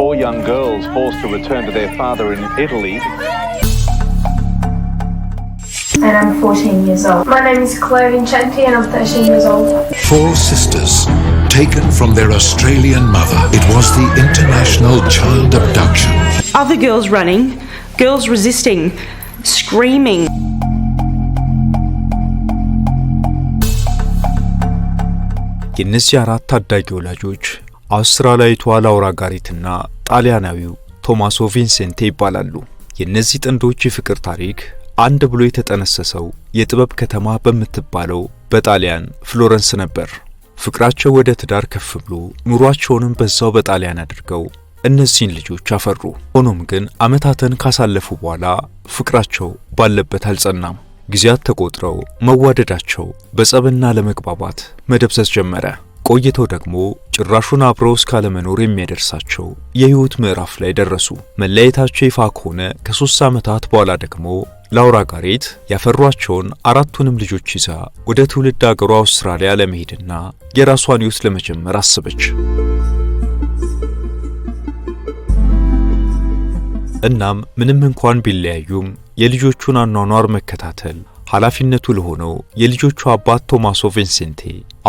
Four young girls forced to return to their father in Italy. And I'm 14 years old. My name is Claire Vincenti and I'm 13 years old. Four sisters taken from their Australian mother. It was the international child abduction. Other girls running, girls resisting, screaming. የእነዚህ አራት ታዳጊ ወላጆች አውስትራሊያዊቷ ላውራ ጋሪትና ጣሊያናዊው ቶማሶ ቪንሴንቴ ይባላሉ። የእነዚህ ጥንዶች የፍቅር ታሪክ አንድ ብሎ የተጠነሰሰው የጥበብ ከተማ በምትባለው በጣሊያን ፍሎረንስ ነበር። ፍቅራቸው ወደ ትዳር ከፍ ብሎ ኑሯቸውንም በዛው በጣሊያን አድርገው እነዚህን ልጆች አፈሩ። ሆኖም ግን ዓመታትን ካሳለፉ በኋላ ፍቅራቸው ባለበት አልጸናም። ጊዜያት ተቆጥረው መዋደዳቸው በጸብና ለመግባባት መደብሰስ ጀመረ። ቆይቶ ደግሞ ጭራሹን አብረው እስካለመኖር የሚያደርሳቸው የህይወት ምዕራፍ ላይ ደረሱ። መለያየታቸው ይፋ ከሆነ ከሶስት ዓመታት በኋላ ደግሞ ላውራ ጋሬት ያፈሯቸውን አራቱንም ልጆች ይዛ ወደ ትውልድ አገሯ አውስትራሊያ ለመሄድና የራሷን ህይወት ለመጀመር አስበች። እናም ምንም እንኳን ቢለያዩም የልጆቹን አኗኗር መከታተል ኃላፊነቱ ለሆነው የልጆቹ አባት ቶማሶ ቪንሴንቴ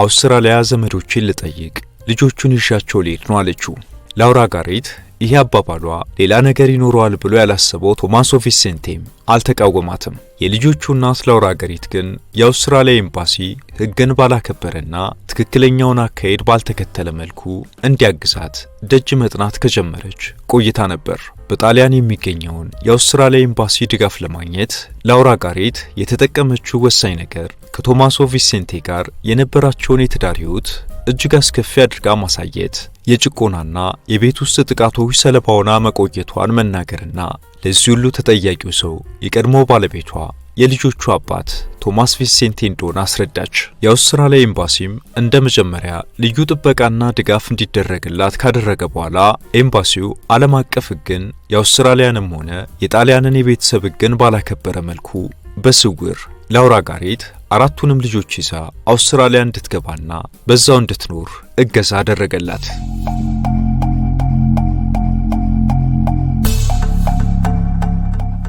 አውስትራሊያ ዘመዶችን ልጠይቅ ልጆቹን ይዣቸው ልሄድ ነው አለችው። ላውራ ጋሬት ይህ አባባሏ ሌላ ነገር ይኖረዋል ብሎ ያላሰበው ቶማስ ኦፊሴንቴም አልተቃወማትም። የልጆቹ እናት ላውራ አገሪት ግን የአውስትራሊያ ኤምባሲ ሕግን ባላከበረና ትክክለኛውን አካሄድ ባልተከተለ መልኩ እንዲያግዛት ደጅ መጥናት ከጀመረች ቆይታ ነበር። በጣሊያን የሚገኘውን የአውስትራሊያ ኤምባሲ ድጋፍ ለማግኘት ላውራ ጋሬት የተጠቀመችው ወሳኝ ነገር ከቶማሶ ቪሴንቴ ጋር የነበራቸውን የትዳር ሕይወት እጅግ አስከፊ አድርጋ ማሳየት፣ የጭቆናና የቤት ውስጥ ጥቃቶች ሰለባ ሆና መቆየቷን መናገርና ለዚህ ሁሉ ተጠያቂው ሰው የቀድሞ ባለቤቷ የልጆቹ አባት ቶማስ ቪሴንቴ እንደሆነ አስረዳች። የአውስትራሊያ ኤምባሲም እንደ መጀመሪያ ልዩ ጥበቃና ድጋፍ እንዲደረግላት ካደረገ በኋላ ኤምባሲው ዓለም አቀፍ ሕግን የአውስትራሊያንም ሆነ የጣሊያንን የቤተሰብ ሕግን ባላከበረ መልኩ በስውር ለአውራ ጋሪት አራቱንም ልጆች ይዛ አውስትራሊያ እንድትገባና በዛው እንድትኖር እገዛ አደረገላት።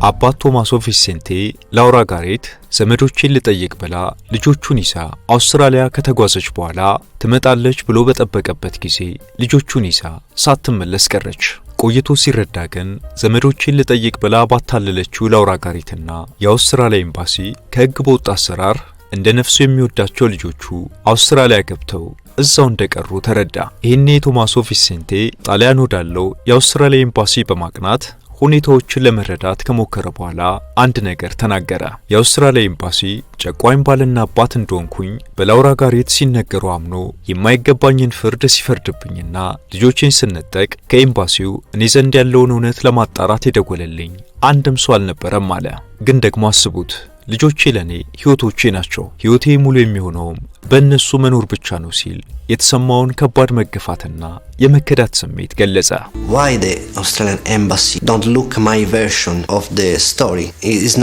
አባት ቶማሶ ቪሴንቴ ላውራ ጋሬት ዘመዶቼን ልጠይቅ ብላ ልጆቹን ይዛ አውስትራሊያ ከተጓዘች በኋላ ትመጣለች ብሎ በጠበቀበት ጊዜ ልጆቹን ይዛ ሳትመለስ ቀረች። ቆይቶ ሲረዳ ግን ዘመዶቼን ልጠይቅ ብላ ባታለለችው ላውራ ጋሬትና የአውስትራሊያ ኤምባሲ ከሕግ በወጣ አሰራር እንደ ነፍሱ የሚወዳቸው ልጆቹ አውስትራሊያ ገብተው እዛው እንደቀሩ ተረዳ። ይህኔ ቶማሶ ቪሴንቴ ጣሊያን ወዳለው የአውስትራሊያ ኤምባሲ በማቅናት ሁኔታዎችን ለመረዳት ከሞከረ በኋላ አንድ ነገር ተናገረ። የአውስትራሊያ ኤምባሲ ጨቋኝ ባልና አባት እንደሆንኩኝ በላውራ ጋሬት ሲነገሩ አምኖ የማይገባኝን ፍርድ ሲፈርድብኝና ልጆቼን ስነጠቅ ከኤምባሲው እኔ ዘንድ ያለውን እውነት ለማጣራት የደወለልኝ አንድም ሰው አልነበረም አለ። ግን ደግሞ አስቡት ልጆቼ ለእኔ ሕይወቶቼ ናቸው፣ ሕይወቴ ሙሉ የሚሆነውም በእነሱ መኖር ብቻ ነው ሲል የተሰማውን ከባድ መገፋትና የመከዳት ስሜት ገለጸ። Why the Australian embassy don't look my version of the story is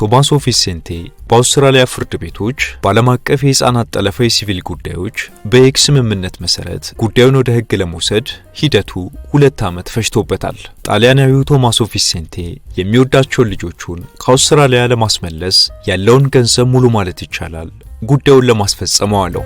ቶማሶ ቪሴንቴ በአውስትራሊያ ፍርድ ቤቶች በዓለም አቀፍ የሕፃናት ጠለፋ የሲቪል ጉዳዮች በኤግ ስምምነት መሰረት ጉዳዩን ወደ ሕግ ለመውሰድ ሂደቱ ሁለት ዓመት ፈጅቶበታል። ጣሊያናዊው ቶማሶ ቪሴንቴ የሚወዳቸውን ልጆቹን ከአውስትራሊያ ለማስመለስ ያለውን ገንዘብ ሙሉ ማለት ይቻላል ጉዳዩን ለማስፈጸመው አለው።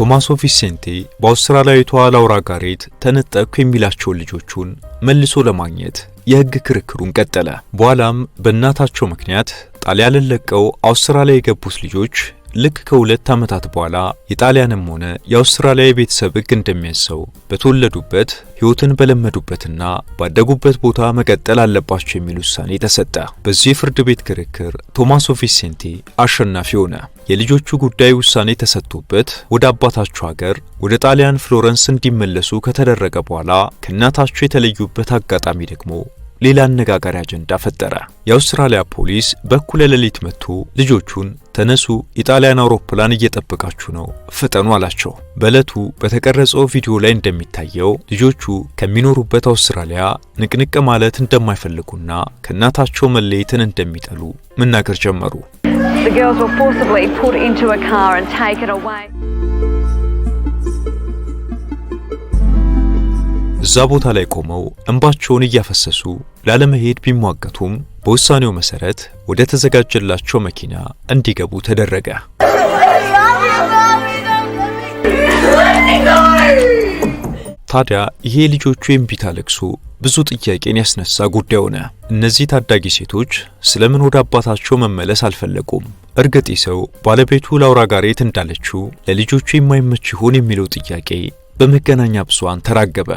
ቶማሶ ቪሴንቴ በአውስትራሊያዊቷ ላውራ ጋሬት ተነጠቅኩ የሚላቸውን ልጆቹን መልሶ ለማግኘት የህግ ክርክሩን ቀጠለ። በኋላም በእናታቸው ምክንያት ጣሊያንን ለቀው አውስትራሊያ የገቡት ልጆች ልክ ከሁለት ዓመታት በኋላ የጣሊያንም ሆነ የአውስትራሊያ የቤተሰብ ህግ እንደሚያዘው በተወለዱበት ሕይወትን በለመዱበትና ባደጉበት ቦታ መቀጠል አለባቸው የሚል ውሳኔ ተሰጠ። በዚህ የፍርድ ቤት ክርክር ቶማሶ ቪሴንቴ አሸናፊ ሆነ። የልጆቹ ጉዳይ ውሳኔ ተሰጥቶበት ወደ አባታቸው ሀገር ወደ ጣሊያን ፍሎረንስ እንዲመለሱ ከተደረገ በኋላ ከእናታቸው የተለዩበት አጋጣሚ ደግሞ ሌላ አነጋጋሪ አጀንዳ ፈጠረ። የአውስትራሊያ ፖሊስ በእኩለ ሌሊት መጥቶ ልጆቹን ተነሱ፣ ኢጣሊያን አውሮፕላን እየጠበቃችሁ ነው፣ ፍጠኑ አላቸው። በዕለቱ በተቀረጸው ቪዲዮ ላይ እንደሚታየው ልጆቹ ከሚኖሩበት አውስትራሊያ ንቅንቅ ማለት እንደማይፈልጉና ከእናታቸው መለየትን እንደሚጠሉ መናገር ጀመሩ። እዛ ቦታ ላይ ቆመው እንባቸውን እያፈሰሱ ላለመሄድ ቢሟገቱም በውሳኔው መሰረት ወደ ተዘጋጀላቸው መኪና እንዲገቡ ተደረገ። ታዲያ ይሄ ልጆቹ የእምቢታ ለቅሶ ብዙ ጥያቄን ያስነሳ ጉዳይ ሆነ። እነዚህ ታዳጊ ሴቶች ስለምን ወደ አባታቸው መመለስ አልፈለጉም? እርግጥ ሰው ባለቤቱ ላውራ ጋሬት እንዳለችው ለልጆቹ የማይመች ይሆን የሚለው ጥያቄ በመገናኛ ብዙሃን ተራገበ።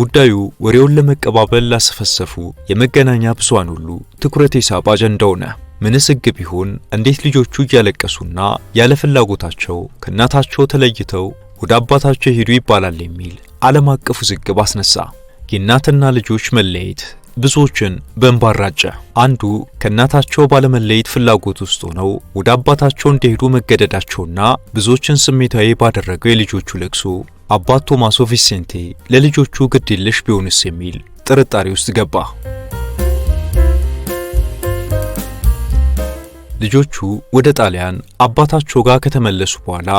ጉዳዩ ወሬውን ለመቀባበል ላሰፈሰፉ የመገናኛ ብዙሃን ሁሉ ትኩረት የሳብ አጀንዳ ሆነ። ምንስ ሕግ ቢሆን እንዴት ልጆቹ እያለቀሱና ያለ ፍላጎታቸው ከእናታቸው ተለይተው ወደ አባታቸው ሄዱ ይባላል የሚል ዓለም አቀፍ ውዝግብ አስነሳ። የእናትና ልጆች መለየት ብዙዎችን በእንባ አንዱ ከእናታቸው ባለመለየት ፍላጎት ውስጥ ሆነው ወደ አባታቸው እንዲሄዱ መገደዳቸውና ብዙዎችን ስሜታዊ ባደረገው የልጆቹ ልቅሶ አባት ቶማሶ ቪሴንቴ ለልጆቹ ግድልሽ ቢሆንስ የሚል ጥርጣሬ ውስጥ ገባ። ልጆቹ ወደ ጣሊያን አባታቸው ጋር ከተመለሱ በኋላ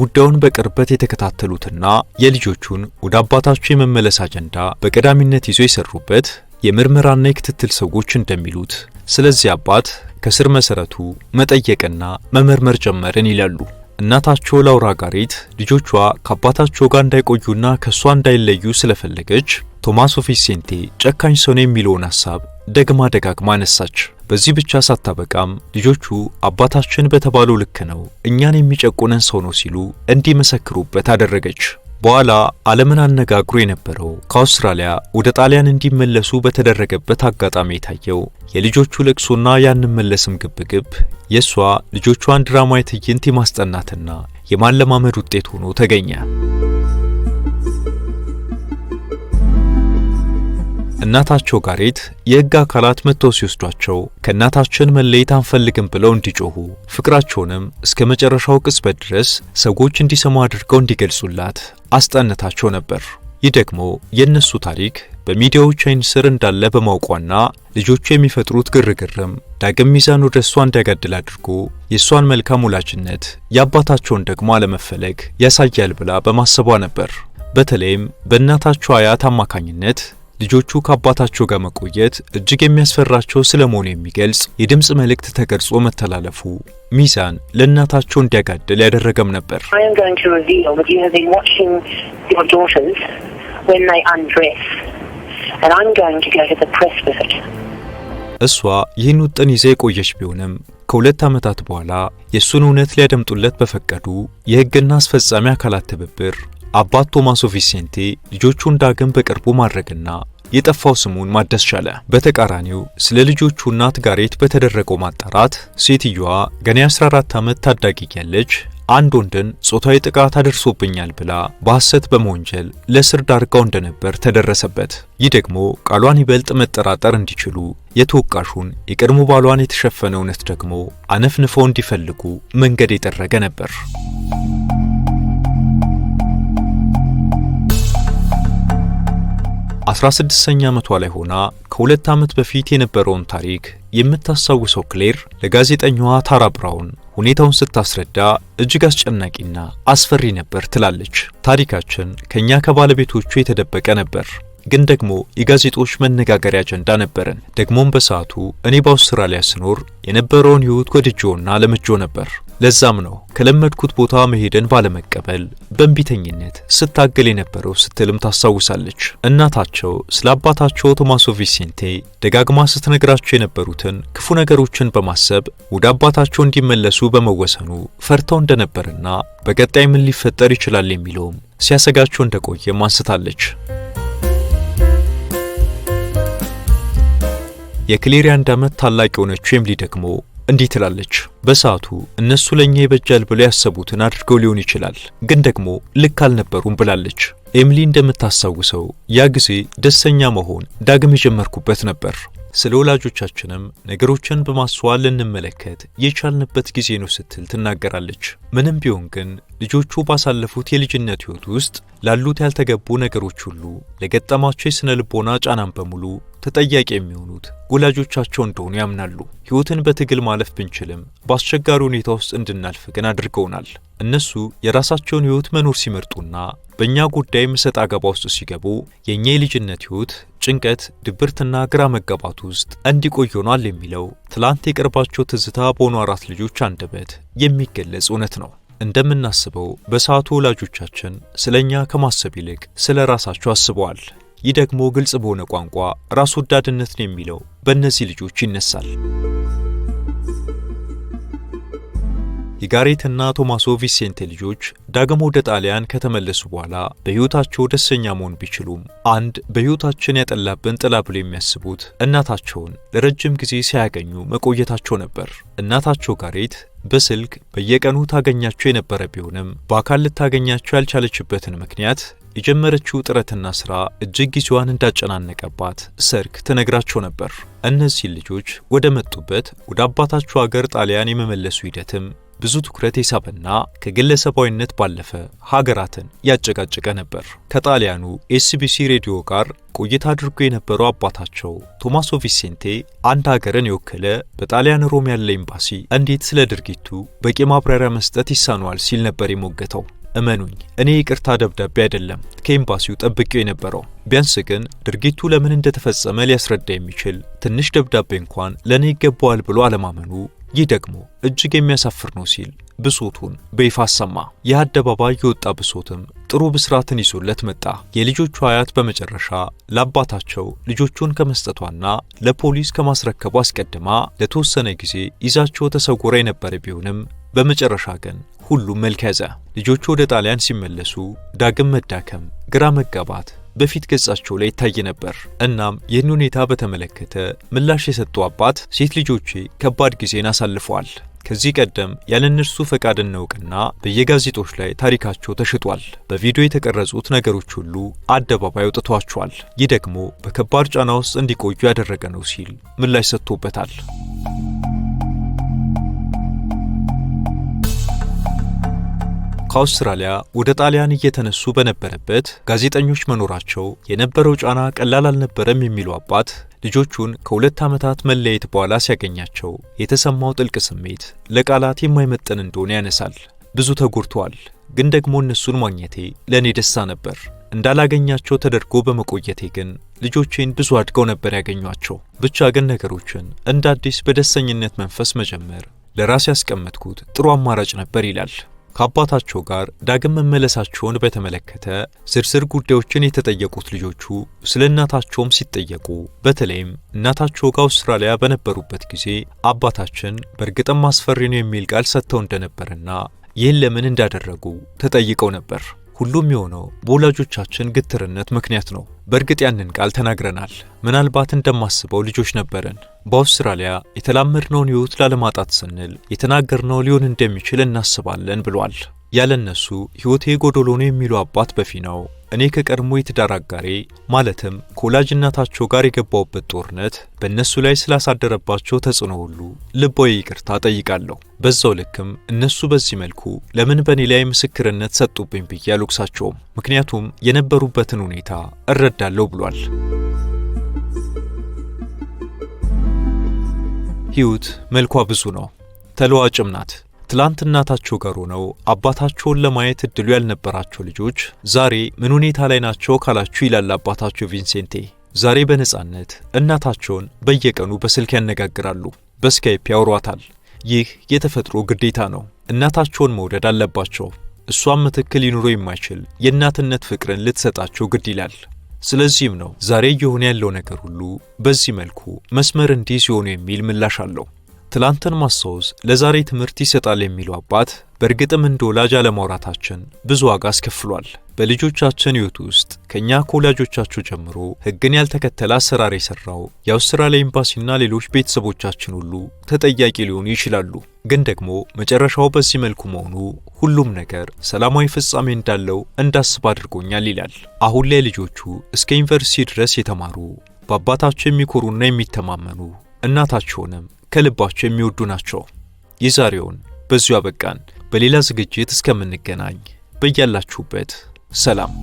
ጉዳዩን በቅርበት የተከታተሉትና የልጆቹን ወደ አባታቸው የመመለስ አጀንዳ በቀዳሚነት ይዞ የሰሩበት የምርመራና የክትትል ሰዎች እንደሚሉት ስለዚህ አባት ከስር መሰረቱ መጠየቅና መመርመር ጀመርን ይላሉ። እናታቸው ላውራ ጋሪት ልጆቿ ከአባታቸው ጋር እንዳይቆዩና ከእሷ እንዳይለዩ ስለፈለገች ቶማስ ኦፊሴንቴ ጨካኝ ሰው ነው የሚለውን ሐሳብ ደግማ ደጋግማ አነሳች። በዚህ ብቻ ሳታበቃም ልጆቹ አባታችን በተባለው ልክ ነው እኛን የሚጨቁነን ሰው ነው ሲሉ እንዲመሰክሩበት አደረገች። በኋላ ዓለምን አነጋግሮ የነበረው ከአውስትራሊያ ወደ ጣሊያን እንዲመለሱ በተደረገበት አጋጣሚ የታየው የልጆቹ ልቅሶና ያንመለስም ግብግብ የእሷ ልጆቿን ድራማዊ ትዕይንት የማስጠናትና የማለማመድ ውጤት ሆኖ ተገኘ። እናታቸው ጋሬት የሕግ አካላት መጥተው ሲወስዷቸው ከእናታችን መለየት አንፈልግም ብለው እንዲጮሁ ፍቅራቸውንም እስከ መጨረሻው ቅጽበት ድረስ ሰዎች እንዲሰሙ አድርገው እንዲገልጹላት አስጠነታቸው ነበር። ይህ ደግሞ የእነሱ ታሪክ በሚዲያዎች አይን ስር እንዳለ በማውቋና ልጆቹ የሚፈጥሩት ግርግርም ዳግም ሚዛን ወደ እሷ እንዲያጋድል አድርጎ የእሷን መልካም ወላጅነት የአባታቸውን ደግሞ አለመፈለግ ያሳያል ብላ በማሰቧ ነበር። በተለይም በእናታቸው አያት አማካኝነት ልጆቹ ከአባታቸው ጋር መቆየት እጅግ የሚያስፈራቸው ስለመሆኑ የሚገልጽ የድምፅ መልእክት ተቀርጾ መተላለፉ ሚዛን ለእናታቸው እንዲያጋድል ያደረገም ነበር። እሷ ይህን ውጥን ይዘ የቆየች ቢሆንም ከሁለት ዓመታት በኋላ የእሱን እውነት ሊያደምጡለት በፈቀዱ የሕግና አስፈጻሚ አካላት ትብብር አባት ቶማሶ ቪሴንቴ ልጆቹን ዳግም በቅርቡ ማድረግና የጠፋው ስሙን ማደስ ቻለ። በተቃራኒው ስለ ልጆቹ እናት ጋሬት በተደረገው ማጣራት ሴትዮዋ ገና 14 ዓመት ታዳጊ ያለች አንድ ወንድን ጾታዊ ጥቃት አድርሶብኛል ብላ በሐሰት በመወንጀል ለስር ዳርጋው እንደነበር ተደረሰበት። ይህ ደግሞ ቃሏን ይበልጥ መጠራጠር እንዲችሉ የተወቃሹን የቀድሞ ባሏን የተሸፈነ እውነት ደግሞ አነፍንፈው እንዲፈልጉ መንገድ የጠረገ ነበር። 16ኛ ዓመቷ ላይ ሆና ከሁለት ዓመት በፊት የነበረውን ታሪክ የምታስታውሰው ክሌር ለጋዜጠኛዋ ታራ ብራውን ሁኔታውን ስታስረዳ እጅግ አስጨናቂና አስፈሪ ነበር ትላለች። ታሪካችን ከእኛ ከባለቤቶቹ የተደበቀ ነበር፣ ግን ደግሞ የጋዜጦች መነጋገሪያ አጀንዳ ነበርን። ደግሞም በሰዓቱ እኔ በአውስትራሊያ ስኖር የነበረውን ሕይወት ወድጄውና ለምጄው ነበር። ለዛም ነው ከለመድኩት ቦታ መሄድን ባለመቀበል በእንቢተኝነት ስታገል የነበረው ስትልም ታስታውሳለች። እናታቸው ስለ አባታቸው ቶማሶ ቪሴንቴ ደጋግማ ስትነግራቸው የነበሩትን ክፉ ነገሮችን በማሰብ ወደ አባታቸው እንዲመለሱ በመወሰኑ ፈርተው እንደነበርና በቀጣይ ምን ሊፈጠር ይችላል የሚለውም ሲያሰጋቸው እንደቆየም አንስታለች። የክሌር አንድ ዓመት ታላቅ የሆነችው ኤምሊ ደግሞ እንዲህ ትላለች። በሰዓቱ እነሱ ለእኛ ይበጃል ብለው ያሰቡትን አድርገው ሊሆን ይችላል፣ ግን ደግሞ ልክ አልነበሩም ብላለች። ኤምሊ እንደምታስታውሰው ያ ጊዜ ደስተኛ መሆን ዳግም የጀመርኩበት ነበር ስለ ወላጆቻችንም ነገሮችን በማስተዋል ልንመለከት የቻልንበት ጊዜ ነው ስትል ትናገራለች። ምንም ቢሆን ግን ልጆቹ ባሳለፉት የልጅነት ሕይወት ውስጥ ላሉት ያልተገቡ ነገሮች ሁሉ ለገጠማቸው የሥነ ልቦና ጫናን በሙሉ ተጠያቂ የሚሆኑት ወላጆቻቸው እንደሆኑ ያምናሉ። ሕይወትን በትግል ማለፍ ብንችልም በአስቸጋሪ ሁኔታ ውስጥ እንድናልፍ ግን አድርገውናል። እነሱ የራሳቸውን ሕይወት መኖር ሲመርጡና በእኛ ጉዳይም ሰጥ አገባ ውስጥ ሲገቡ የእኛ የልጅነት ሕይወት ጭንቀት፣ ድብርትና ግራ መጋባት ውስጥ እንዲቆይ ሆኗል የሚለው ትላንት የቅርባቸው ትዝታ በሆኑ አራት ልጆች አንደበት የሚገለጽ እውነት ነው። እንደምናስበው በሰዓቱ ወላጆቻችን ስለ እኛ ከማሰብ ይልቅ ስለ ራሳቸው አስበዋል። ይህ ደግሞ ግልጽ በሆነ ቋንቋ ራስ ወዳድነትን የሚለው በእነዚህ ልጆች ይነሳል። የጋሬትና ቶማሶ ቪሴንቴ ልጆች ዳግም ወደ ጣሊያን ከተመለሱ በኋላ በሕይወታቸው ደስተኛ መሆን ቢችሉም አንድ በሕይወታችን ያጠላብን ጥላ ብሎ የሚያስቡት እናታቸውን ለረጅም ጊዜ ሳያገኙ መቆየታቸው ነበር። እናታቸው ጋሬት በስልክ በየቀኑ ታገኛቸው የነበረ ቢሆንም በአካል ልታገኛቸው ያልቻለችበትን ምክንያት የጀመረችው ጥረትና ሥራ እጅግ ጊዜዋን እንዳጨናነቀባት ሰርክ ትነግራቸው ነበር። እነዚህ ልጆች ወደ መጡበት ወደ አባታቸው አገር ጣሊያን የመመለሱ ሂደትም ብዙ ትኩረት የሳበና ከግለሰባዊነት ባለፈ ሀገራትን ያጨቃጨቀ ነበር። ከጣሊያኑ ኤስቢሲ ሬዲዮ ጋር ቆይታ አድርጎ የነበረው አባታቸው ቶማሶ ቪሴንቴ አንድ ሀገርን የወከለ በጣሊያን ሮም ያለ ኤምባሲ እንዴት ስለ ድርጊቱ በቂ ማብራሪያ መስጠት ይሳነዋል ሲል ነበር የሞገተው። እመኑኝ፣ እኔ ይቅርታ ደብዳቤ አይደለም ከኤምባሲው ጠብቄው የነበረው ቢያንስ ግን ድርጊቱ ለምን እንደተፈጸመ ሊያስረዳ የሚችል ትንሽ ደብዳቤ እንኳን ለእኔ ይገባዋል ብሎ አለማመኑ፣ ይህ ደግሞ እጅግ የሚያሳፍር ነው ሲል ብሶቱን በይፋ አሰማ። የአደባባይ የወጣ ብሶትም ጥሩ ብስራትን ይዞለት መጣ። የልጆቹ አያት በመጨረሻ ለአባታቸው ልጆቹን ከመስጠቷና ለፖሊስ ከማስረከቡ አስቀድማ ለተወሰነ ጊዜ ይዛቸው ተሰውረ የነበረ ቢሆንም በመጨረሻ ግን ሁሉም መልክ ያዘ። ልጆቹ ወደ ጣሊያን ሲመለሱ ዳግም መዳከም፣ ግራ መጋባት በፊት ገጻቸው ላይ ይታይ ነበር። እናም ይህን ሁኔታ በተመለከተ ምላሽ የሰጡ አባት ሴት ልጆቼ ከባድ ጊዜን አሳልፈዋል። ከዚህ ቀደም ያለ እነርሱ ፈቃድና እውቅና በየጋዜጦች ላይ ታሪካቸው ተሽጧል። በቪዲዮ የተቀረጹት ነገሮች ሁሉ አደባባይ አውጥቷቸዋል። ይህ ደግሞ በከባድ ጫና ውስጥ እንዲቆዩ ያደረገ ነው ሲል ምላሽ ሰጥቶበታል። ከአውስትራሊያ ወደ ጣሊያን እየተነሱ በነበረበት ጋዜጠኞች መኖራቸው የነበረው ጫና ቀላል አልነበረም የሚሉ አባት ልጆቹን ከሁለት ዓመታት መለየት በኋላ ሲያገኛቸው የተሰማው ጥልቅ ስሜት ለቃላት የማይመጠን እንደሆነ ያነሳል። ብዙ ተጎድተዋል፣ ግን ደግሞ እነሱን ማግኘቴ ለእኔ ደስታ ነበር። እንዳላገኛቸው ተደርጎ በመቆየቴ ግን ልጆቼን ብዙ አድገው ነበር ያገኟቸው። ብቻ ግን ነገሮችን እንደ አዲስ በደሰኝነት መንፈስ መጀመር ለራሴ ያስቀመጥኩት ጥሩ አማራጭ ነበር ይላል። ከአባታቸው ጋር ዳግም መመለሳቸውን በተመለከተ ዝርዝር ጉዳዮችን የተጠየቁት ልጆቹ ስለ እናታቸውም ሲጠየቁ በተለይም እናታቸው ጋር አውስትራሊያ በነበሩበት ጊዜ አባታችን በእርግጥም አስፈሪ ነው የሚል ቃል ሰጥተው እንደነበርና ይህን ለምን እንዳደረጉ ተጠይቀው ነበር። ሁሉም የሆነው በወላጆቻችን ግትርነት ምክንያት ነው። በእርግጥ ያንን ቃል ተናግረናል። ምናልባት እንደማስበው ልጆች ነበርን። በአውስትራሊያ የተላመድነውን ሕይወት ላለማጣት ስንል የተናገርነው ሊሆን እንደሚችል እናስባለን ብሏል። ያለነሱ ሕይወቴ ጎዶሎ ነው የሚሉ አባት በፊ ነው እኔ ከቀድሞ የትዳር አጋሬ ማለትም ከወላጅ እናታቸው ጋር የገባውበት ጦርነት በእነሱ ላይ ስላሳደረባቸው ተጽዕኖ ሁሉ ልባዊ ይቅርታ ጠይቃለሁ። በዛው ልክም እነሱ በዚህ መልኩ ለምን በእኔ ላይ ምስክርነት ሰጡብኝ ብዬ አልወቅሳቸውም። ምክንያቱም የነበሩበትን ሁኔታ እረዳለሁ ብሏል። ህይወት መልኳ ብዙ ነው፣ ተለዋጭም ናት። ትላንት እናታቸው ጋር ሆነው አባታቸውን ለማየት እድሉ ያልነበራቸው ልጆች ዛሬ ምን ሁኔታ ላይ ናቸው ካላችሁ ይላል አባታቸው ቪንሴንቴ። ዛሬ በነጻነት እናታቸውን በየቀኑ በስልክ ያነጋግራሉ፣ በስካይፕ ያወሯታል። ይህ የተፈጥሮ ግዴታ ነው። እናታቸውን መውደድ አለባቸው። እሷም ምትክ ሊኖረው የማይችል የእናትነት ፍቅርን ልትሰጣቸው ግድ ይላል። ስለዚህም ነው ዛሬ እየሆነ ያለው ነገር ሁሉ በዚህ መልኩ መስመር እንዲህ ሲሆኑ የሚል ምላሽ አለው። ትላንትን ማስታወስ ለዛሬ ትምህርት ይሰጣል የሚሉ አባት በእርግጥም እንደ ወላጅ አለማውራታችን ብዙ ዋጋ አስከፍሏል። በልጆቻችን ሕይወት ውስጥ ከእኛ ከወላጆቻቸው ጀምሮ ሕግን ያልተከተለ አሰራር የሠራው የአውስትራሊያ ኤምባሲና ሌሎች ቤተሰቦቻችን ሁሉ ተጠያቂ ሊሆኑ ይችላሉ። ግን ደግሞ መጨረሻው በዚህ መልኩ መሆኑ ሁሉም ነገር ሰላማዊ ፍጻሜ እንዳለው እንዳስብ አድርጎኛል ይላል። አሁን ላይ ልጆቹ እስከ ዩኒቨርሲቲ ድረስ የተማሩ በአባታቸው የሚኮሩና የሚተማመኑ እናታቸውንም ከልባቸው የሚወዱ ናቸው። የዛሬውን በዚሁ አበቃን። በሌላ ዝግጅት እስከምንገናኝ በያላችሁበት ሰላም